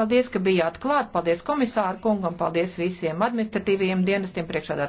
Paldies, ka bijāt klāt, paldies komisāru kungam, paldies visiem administratīvajiem dienestiem priekšādā.